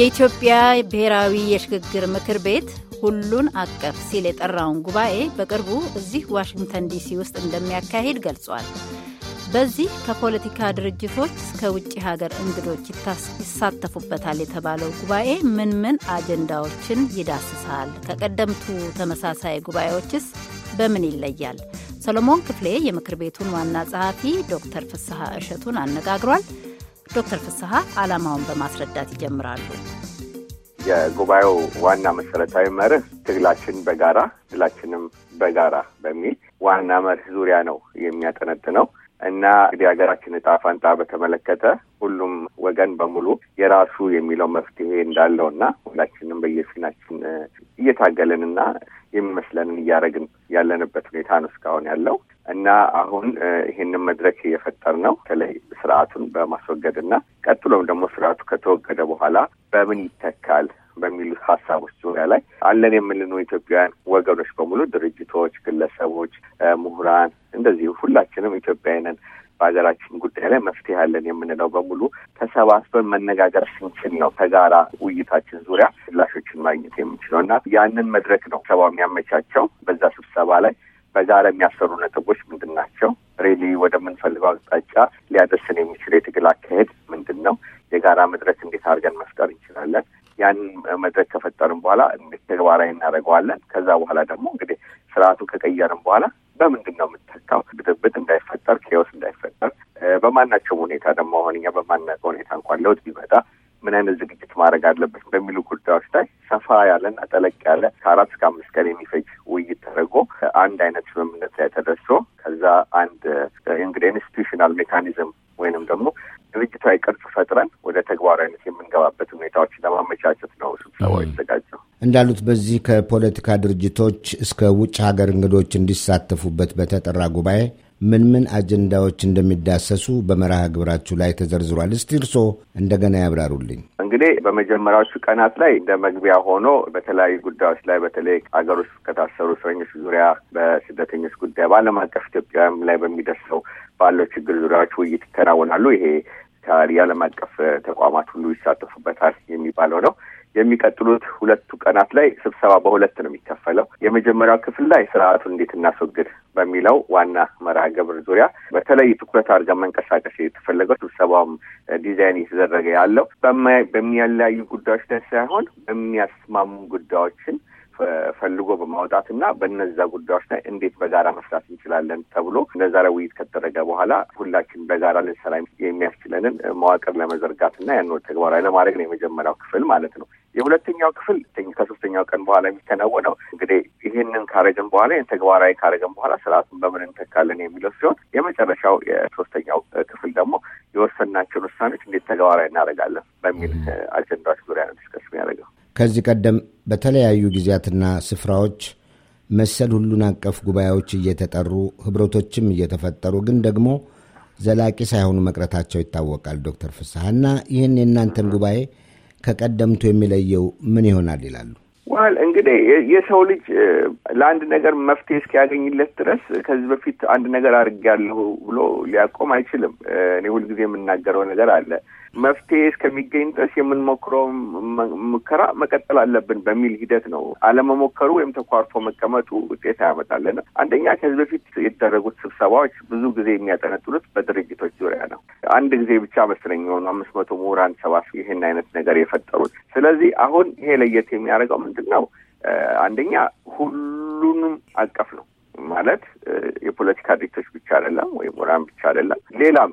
የኢትዮጵያ ብሔራዊ የሽግግር ምክር ቤት ሁሉን አቀፍ ሲል የጠራውን ጉባኤ በቅርቡ እዚህ ዋሽንግተን ዲሲ ውስጥ እንደሚያካሂድ ገልጿል። በዚህ ከፖለቲካ ድርጅቶች እስከ ውጭ ሀገር እንግዶች ይሳተፉበታል የተባለው ጉባኤ ምን ምን አጀንዳዎችን ይዳስሳል? ከቀደምቱ ተመሳሳይ ጉባኤዎችስ በምን ይለያል? ሰሎሞን ክፍሌ የምክር ቤቱን ዋና ጸሐፊ ዶክተር ፍስሐ እሸቱን አነጋግሯል። ዶክተር ፍስሀ ዓላማውን በማስረዳት ይጀምራሉ። የጉባኤው ዋና መሰረታዊ መርህ ትግላችን በጋራ ድላችንም በጋራ በሚል ዋና መርህ ዙሪያ ነው የሚያጠነጥነው እና እንግዲህ ሀገራችን እጣ ፈንታ በተመለከተ ሁሉም ወገን በሙሉ የራሱ የሚለው መፍትሄ እንዳለው እና ሁላችንም በየፊናችን እየታገልን እና የሚመስለንን እያደረግን ያለንበት ሁኔታ ነው እስካሁን ያለው። እና አሁን ይሄንን መድረክ እየፈጠር ነው በተለይ ስርዓቱን በማስወገድ እና ቀጥሎም ደግሞ ስርዓቱ ከተወገደ በኋላ በምን ይተካል በሚሉ ሀሳቦች ዙሪያ ላይ አለን የምንለው ኢትዮጵያውያን ወገኖች በሙሉ ድርጅቶች፣ ግለሰቦች፣ ምሁራን እንደዚሁ ሁላችንም ኢትዮጵያውያንን በሀገራችን ጉዳይ ላይ መፍትሄ አለን የምንለው በሙሉ ተሰባስበን መነጋገር ስንችል ነው ከጋራ ውይይታችን ዙሪያ ምላሾችን ማግኘት የምንችለው እና ያንን መድረክ ነው ስብሰባው የሚያመቻቸው በዛ ስብሰባ ላይ በጋራ የሚያሰሩ ነጥቦች ምንድን ናቸው? ሬሊ ወደምንፈልገው አቅጣጫ ሊያደርስን የሚችል የትግል አካሄድ ምንድን ነው? የጋራ መድረክ እንዴት አድርገን መፍጠር እንችላለን? ያንን መድረክ ከፈጠርን በኋላ ተግባራዊ እናደርገዋለን። ከዛ በኋላ ደግሞ እንግዲህ ስርዓቱ ከቀየርን በኋላ በምንድን ነው የምንተካው? ብጥብጥ እንዳይፈጠር፣ ኬዎስ እንዳይፈጠር በማናቸውም ሁኔታ ደግሞ አሁን እኛ በማናውቀው ሁኔታ እንኳን ለውጥ ቢመጣ ምን አይነት ዝግጅት ማድረግ አለበት በሚሉ ጉዳዮች ላይ ሰፋ ያለን ጠለቅ ያለ ከአራት እስከ አምስት ቀን የሚፈጅ አንድ አይነት ስምምነት ላይ ተደርሶ ከዛ አንድ እንግዲህ ኢንስቲቱሽናል ሜካኒዝም ወይንም ደግሞ ድርጅታዊ ቅርጽ ፈጥረን ወደ ተግባራዊነት የምንገባበት ሁኔታዎችን ለማመቻቸት ነው ስብሰባው የተዘጋጀው። እንዳሉት በዚህ ከፖለቲካ ድርጅቶች እስከ ውጭ ሀገር እንግዶች እንዲሳተፉበት በተጠራ ጉባኤ ምን ምን አጀንዳዎች እንደሚዳሰሱ በመርሃ ግብራችሁ ላይ ተዘርዝሯል። እስቲ እርስዎ እንደገና ያብራሩልኝ። እንግዲህ በመጀመሪያዎቹ ቀናት ላይ እንደ መግቢያ ሆኖ በተለያዩ ጉዳዮች ላይ በተለይ አገሮች ከታሰሩ እስረኞች ዙሪያ፣ በስደተኞች ጉዳይ፣ በዓለም አቀፍ ኢትዮጵያውያን ላይ በሚደርሰው ባለው ችግር ዙሪያዎች ውይይት ይከናወናሉ። ይሄ የዓለም አቀፍ ተቋማት ሁሉ ይሳተፉበታል የሚባለው ነው። የሚቀጥሉት ሁለቱ ቀናት ላይ ስብሰባ በሁለት ነው የሚከፈለው። የመጀመሪያው ክፍል ላይ ስርዓቱን እንዴት እናስወግድ በሚለው ዋና መርሃ ግብር ዙሪያ በተለይ ትኩረት አድርገን መንቀሳቀስ የተፈለገው ስብሰባውም ዲዛይን እየተደረገ ያለው በሚያለያዩ ጉዳዮች ላይ ሳይሆን በሚያስማሙ ጉዳዮችን ፈልጎ በማውጣት እና በነዛ ጉዳዮች ላይ እንዴት በጋራ መስራት እንችላለን ተብሎ እነዛ ላይ ውይይት ከተደረገ በኋላ ሁላችን በጋራ ልንሰራ የሚያስችለንን መዋቅር ለመዘርጋት እና ያን ተግባራዊ ለማድረግ ነው የመጀመሪያው ክፍል ማለት ነው። የሁለተኛው ክፍል ከሶስተኛው ቀን በኋላ የሚከናወነው እንግዲህ ይህንን ካረግን በኋላ ይህን ተግባራዊ ካረግን በኋላ ስርዓቱን በምን እንተካለን የሚለው ሲሆን የመጨረሻው የሶስተኛው ክፍል ደግሞ የወሰናቸውን ውሳኔዎች እንዴት ተግባራዊ እናደርጋለን በሚል አጀንዳዎች ዙሪያ ነው ዲስከስ የሚያደርገው። ከዚህ ቀደም በተለያዩ ጊዜያትና ስፍራዎች መሰል ሁሉን አቀፍ ጉባኤዎች እየተጠሩ ህብረቶችም እየተፈጠሩ ግን ደግሞ ዘላቂ ሳይሆኑ መቅረታቸው ይታወቃል። ዶክተር ፍስሐ እና ይህን የእናንተን ጉባኤ ከቀደምቱ የሚለየው ምን ይሆናል ይላሉ? ዋል እንግዲህ የሰው ልጅ ለአንድ ነገር መፍትሄ እስኪያገኝለት ድረስ ከዚህ በፊት አንድ ነገር አድርጌያለሁ ብሎ ሊያቆም አይችልም። እኔ ሁልጊዜ የምናገረው ነገር አለ። መፍትሄ እስከሚገኝ ድረስ የምንሞክረው ሙከራ መቀጠል አለብን በሚል ሂደት ነው። አለመሞከሩ ወይም ተኳርፎ መቀመጡ ውጤት አያመጣልን። አንደኛ ከዚህ በፊት የተደረጉት ስብሰባዎች ብዙ ጊዜ የሚያጠነጥሉት በድርጅቶች ዙሪያ ነው። አንድ ጊዜ ብቻ መስለኝ የሆኑ አምስት መቶ ምሁራን ሰባስ ይህን አይነት ነገር የፈጠሩት። ስለዚህ አሁን ይሄ ለየት የሚያደርገው ምንድን ምንድን ነው? አንደኛ ሁሉንም አቀፍ ነው ማለት የፖለቲካ ድርጅቶች ብቻ አይደለም፣ ወይም ምሁራን ብቻ አይደለም። ሌላም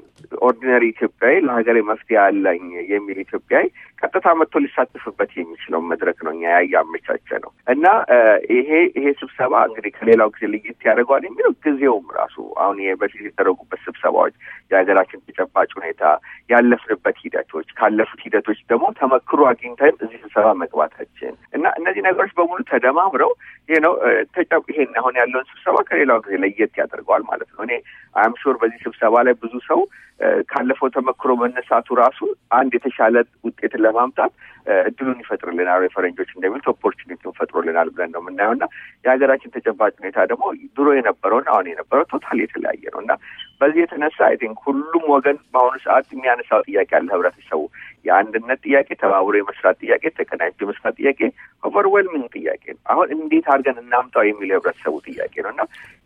ኦርዲነሪ ኢትዮጵያዊ ለሀገሬ መፍትሄ አለኝ የሚል ኢትዮጵያዊ ቀጥታ መጥቶ ሊሳተፍበት የሚችለው መድረክ ነው እኛ ያመቻቸ ነው እና ይሄ ይሄ ስብሰባ እንግዲህ ከሌላው ጊዜ ለየት ያደርገዋል የሚለው ጊዜውም ራሱ አሁን በፊት የተደረጉበት ስብሰባዎች የሀገራችን ተጨባጭ ሁኔታ ያለፍንበት ሂደቶች ካለፉት ሂደቶች ደግሞ ተመክሮ አግኝተን እዚህ ስብሰባ መግባታችን እና እነዚህ ነገሮች በሙሉ ተደማምረው ይህ ነው ይሄን አሁን ያለውን ስብሰባ ከሌላው ጊዜ ለየት ያደርገዋል ማለት ነው። እኔ አምሹር በዚህ ስብሰባ ላይ ብዙ ሰው ካለፈው ተመክሮ መነሳቱ ራሱ አንድ የተሻለ ውጤት ለማምጣት እድሉን ይፈጥርልናል ወይ ፈረንጆች እንደሚሉት ኦፖርቹኒቲውን ፈጥሮልናል ብለን ነው የምናየው እና የሀገራችን ተጨባጭ ሁኔታ ደግሞ ድሮ የነበረውና አሁን የነበረው ቶታል የተለያየ ነው እና በዚህ የተነሳ አይ ቲንክ ሁሉም ወገን በአሁኑ ሰዓት የሚያነሳው ጥያቄ አለ ህብረተሰቡ የአንድነት ጥያቄ፣ ተባብሮ የመስራት ጥያቄ፣ ተቀናጅ የመስራት ጥያቄ ኦቨርዌልሚንግ ጥያቄ ነው። አሁን እንዴት አድርገን እናምጣው የሚለው የህብረተሰቡ ጥያቄ ነው እና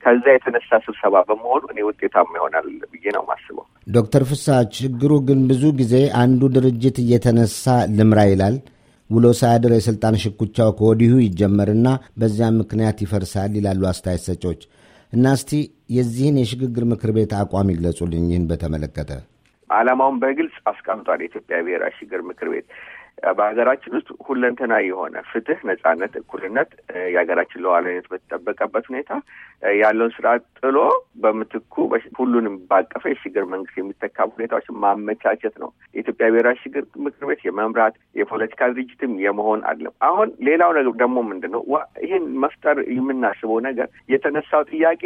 ከዛ የተነሳ ስብሰባ በመሆኑ እኔ ውጤታማ ይሆናል ብዬ ነው ማስበው። ዶክተር ፍሳ ችግሩ ግን ብዙ ጊዜ አንዱ ድርጅት እየተነሳ ልምራ ይላል ውሎ ሳያድር የስልጣን ሽኩቻው ከወዲሁ ይጀመርና በዚያም ምክንያት ይፈርሳል ይላሉ አስተያየት ሰጪዎች። እና እስቲ የዚህን የሽግግር ምክር ቤት አቋም ይግለጹልኝ ይህን በተመለከተ ዓላማውን በግልጽ አስቀምጧል። የኢትዮጵያ ብሔራዊ ሽግግር ምክር ቤት በሀገራችን ውስጥ ሁለንተና የሆነ ፍትህ፣ ነጻነት፣ እኩልነት የሀገራችን ሉዓላዊነት በተጠበቀበት ሁኔታ ያለውን ስርዓት ጥሎ በምትኩ ሁሉንም ባቀፈ የሽግግር መንግስት የሚተካ ሁኔታዎችን ማመቻቸት ነው። የኢትዮጵያ ብሔራዊ ሽግግር ምክር ቤት የመምራት የፖለቲካ ድርጅትም የመሆን አለም። አሁን ሌላው ነገር ደግሞ ምንድን ነው? ይህን መፍጠር የምናስበው ነገር የተነሳው ጥያቄ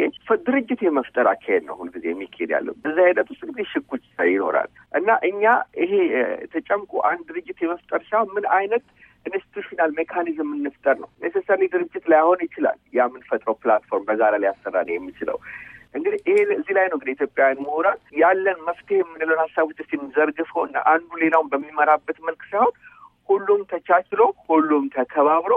ድርጅት የመፍጠር አካሄድ ነው። ሁልጊዜ የሚካሄድ ያለው በዛ ሂደት ውስጥ እንግዲህ ሽኩቻ ይኖራል። ይኖራል እና እኛ ይሄ ተጨምቆ አንድ ድርጅት የመፍጠር ሳይሆን ምን አይነት ኢንስቲቱሽናል ሜካኒዝም እንፍጠር ነው። ኔሴሰሪ ድርጅት ላይሆን ይችላል ያ የምንፈጥረው ፕላትፎርም በጋራ ሊያሰራ ነው የሚችለው እንግዲህ ይሄ እዚህ ላይ ነው እንግዲህ ኢትዮጵያውያን ምሁራን ያለን መፍትሄ የምንለውን ሀሳብ እስኪ የምንዘርግፈው እና አንዱ ሌላውን በሚመራበት መልክ ሳይሆን ሁሉም ተቻችሎ ሁሉም ተከባብሮ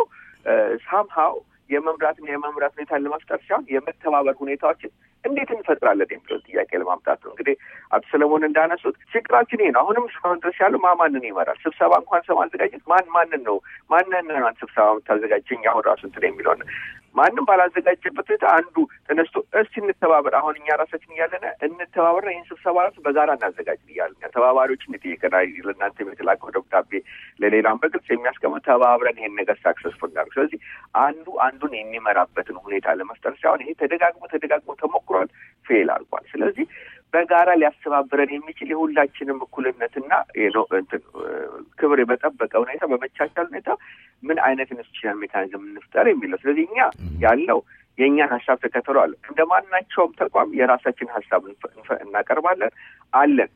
ሳምሃው የመምራትና የመምራት ሁኔታን ለመፍጠር ሳይሆን የመተባበር ሁኔታዎችን እንዴት እንፈጥራለን የሚለው ጥያቄ ለማምጣት ነው። እንግዲህ አቶ ሰለሞን እንዳነሱት ችግራችን ይሄ ነው። አሁንም እስካሁን ድረስ ያለው ማ ማንን ይመራል? ስብሰባ እንኳን ሰው ማዘጋጀት ማን ማንን ነው ማንን ስብሰባ የምታዘጋጀኝ አሁን ራሱ እንትን የሚለውን ማንም ባላዘጋጀበት ሁኔታ አንዱ ተነስቶ እስቲ እንተባበር፣ አሁን እኛ ራሳችን እያለን እንተባበርና ይህን ስብሰባ ራሱ በጋራ እናዘጋጅ እያለን ተባባሪዎችን ይጠይቀናል። ለእናንተ የተላከው ደብዳቤ ለሌላም በግልጽ የሚያስቀመው ተባብረን ይሄን ነገር ሳክሰስፉል እናደርግ። ስለዚህ አንዱ አንዱን የሚመራበትን ሁኔታ ለመፍጠር ሳይሆን ይሄ ተደጋግሞ ተደጋግሞ ተሞክሯል፣ ፌል አድርጓል። ስለዚህ በጋራ ሊያስተባብረን የሚችል የሁላችንም እኩልነትና ክብር የመጠበቀ ሁኔታ በመቻቻል ሁኔታ ምን አይነት ኢንስቲቱሽናል ሜካኒዝም እንፍጠር የሚለው። ስለዚህ እኛ ያለው የእኛን ሀሳብ ተከተሉ አለ። እንደ ማናቸውም ተቋም የራሳችን ሀሳብ እናቀርባለን አለን።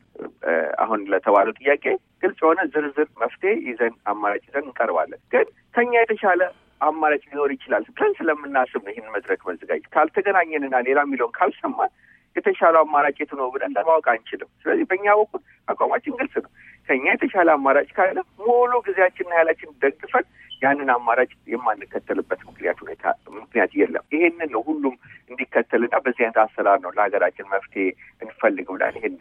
አሁን ለተባለው ጥያቄ ግልጽ የሆነ ዝርዝር መፍትሄ ይዘን አማራጭ ይዘን እንቀርባለን። ግን ከኛ የተሻለ አማራጭ ሊኖር ይችላል ብለን ስለምናስብ ነው ይህን መድረክ መዘጋጀት። ካልተገናኘንና ሌላ የሚለውን ካልሰማን የተሻለው አማራጭ የቱ ነው ብለን ለማወቅ አንችልም። ስለዚህ በእኛ በኩል አቋማችን ግልጽ ነው። ከኛ የተሻለ አማራጭ ካለ ሙሉ ጊዜያችንና ኃይላችን ደግፈን ያንን አማራጭ የማንከተልበት ምክንያት ሁኔታ ምክንያት የለም። ይሄንን ነው ሁሉም እንዲከተልና በዚህ አይነት አሰራር ነው ለሀገራችን መፍትሄ እንፈልግ ብላል ይህን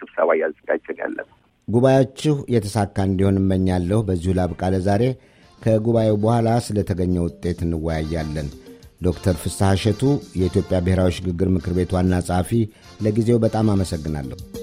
ስብሰባ እያዘጋጀን ያለ ነው። ጉባኤያችሁ የተሳካ እንዲሆን እመኛለሁ። በዚሁ ላብቃለ። ዛሬ ከጉባኤው በኋላ ስለተገኘ ውጤት እንወያያለን። ዶክተር ፍስሐ እሸቱ የኢትዮጵያ ብሔራዊ ሽግግር ምክር ቤት ዋና ጸሐፊ፣ ለጊዜው በጣም አመሰግናለሁ።